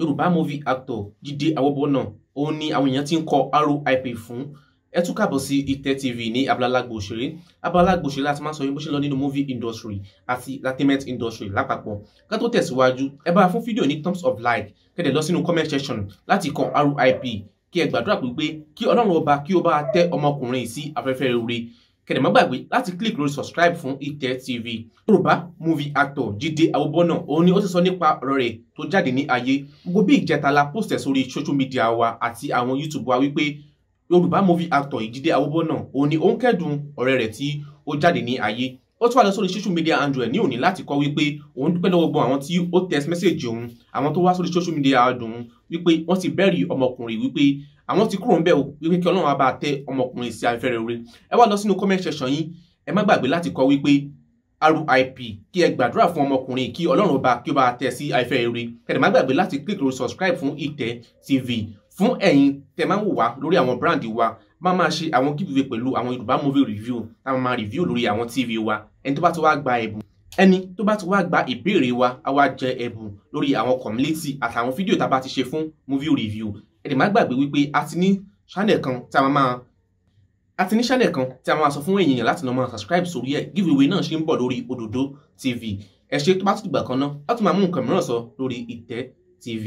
yorùbá movie actor jíde àwòbọ̀nà òun ni àwọn èèyàn ti ń kọ RIP fún ẹ tún kàbọ̀ sí ìtẹ́ tv ní abalálàgbò òṣèré abalálàgbò òṣèré láti máa sọ yín bó ṣe lọ nínú movie industry àti entertainment industry lápapọ̀ ká tó tẹ̀síwájú ẹ bá fún fídíò ní thumbs up like kẹ́dẹ̀ lọ sínú comment section láti kọ RIP kí ẹ gbàdúrà pé kí ọlọ́run ọba kí ó bá tẹ́ ọmọkùnrin sí afẹ́fẹ́ rere kẹ̀dẹ̀ má gbàgbé láti click lórí subscribe fún ìtẹ́ tv yorùbá movie actor jíde àwòbọ́nà òun ni ó ti sọ nípa ọ̀rọ̀ rẹ̀ tó jáde ní ayé gbogbo bí ìjẹta la post ẹ̀ sórí social media wa àti àwọn youtube wa wípé yorùbá movie actor jíde àwòbọ́nà òun ni òun kẹ́dùn ọ̀rẹ́ rẹ̀ tí ó jáde ní ayé ó tún wà lọ sórí social media android ní òní láti kọ wípé òun dúpẹ́ lọ́wọ́ gbọ́n àwọn tí ó text message òun àwọn tó wá sórí social media adùn wípé wọ́n ti bẹ́ẹ̀rì ọmọkùnrin wípé àwọn ti kúrò ń bẹ̀ o wípé kí ọlọ́run abá tẹ ọmọkùnrin sí afẹ́rẹ́ orí ẹ wá lọ sínú comment section yín ẹ má gbàgbé láti kọ wípé RIP kí ẹ gbàdúrà fún ọmọkùnrin kí ọlọ́run ọba kí ó bá tẹ sí afẹ́rẹ́ orí kẹ̀dẹ̀ má gbàgbé láti click lórí subscribe fún ìtẹ́ TV fún ẹ̀yin tẹ máa ń wò wá lórí àwọn brand wa máa máa ṣe àwọn giveaway pẹ̀lú àwọn Yorùbá movie review tá a máa review lórí àwọn TV wa ẹni tó bá ti wá gba ẹ̀bùn ẹni tó bá ti wá gba ìbéèrè wa á wá jẹ ẹ̀bùn lórí àwọn community àtàwọn fídíò tá a bá ti ṣe fún movie review ẹ̀dẹ̀ má gbàgbé wípé a ti ní channel kan tí a máa máa a ti ní channel kan tí a máa sọ fún èèyàn láti máa subscribe sórí ẹ̀ giveaway náà ṣe ń bọ̀ lórí Òdòdó TV ẹ ṣe tó bá tún ìgbà kan náà láti máa mú nǹkan mìíràn sọ lórí Ìtẹ́ TV.